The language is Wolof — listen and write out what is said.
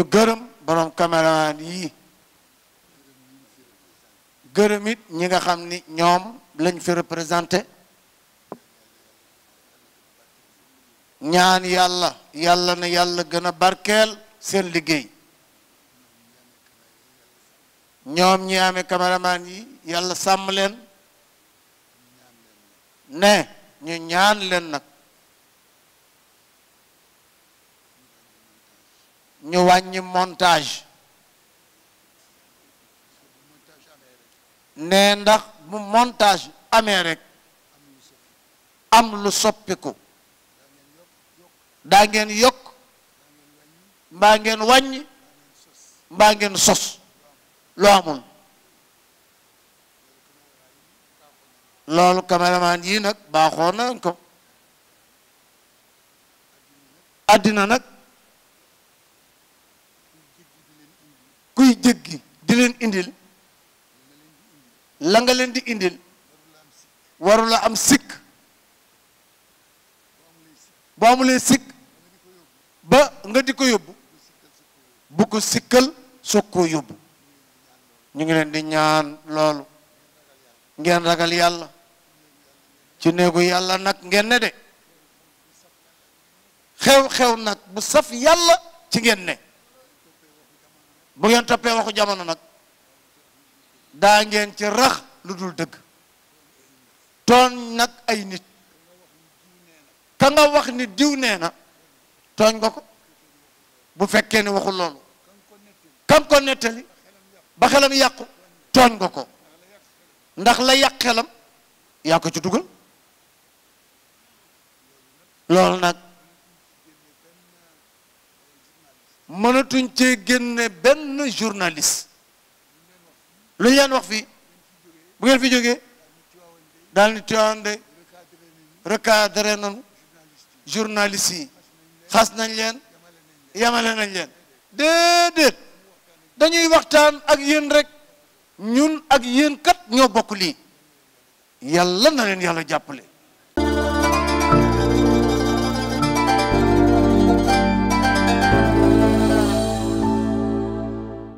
ñu gërëm borom caméraman yi gërëm it ñi nga xam ni ñoom lañ fi représenté ñaan yàlla yàlla na yàlla gën a barkeel seen liggéey ñoom ñi amee caméraman yi yàlla sàmm leen ne ñu ñaan leen nag ñu wàññi montage ne ndax bu montage amee rek am lu soppiku daa ngeen yokk mbaa ngeen wàññi mbaa ngeen sos loo amul loolu caméraman yi nag baaxoon nañ ko àddina nag jéggi di leen indil la nga leen di indil warula am sikk boo amulee sikk ba nga di ko yóbbu bu ko sikkal soog koo yóbbu ñu ngi leen di ñaan loolu ngeen ragal yàlla ci néegu yàlla nag ngeen ne de xew-xew nag bu saf yàlla ci ngeen ne bu ngeen toppee waxu jamono nag daa ngeen ci rax lu dul dëgg tooñ nag ay nit ka wax ni diw nee na tooñ nga ko bu fekkee ni waxul loolu kam ko nettali ba xelam yàqu tooñ nga ko ndax la yàq xelam yaa ci dugal loolu nag mënatuñ cee génne benn journaliste lu ñu leen wax fii bu ngeen fi jógee daal ni Tivaouane de recadré nañu journaliste yi xas nañ leen yamale nañ leen déedéet dañuy waxtaan ak yéen rek ñun ak yéen kat ñoo bokk lii yàlla na leen yàlla jàppale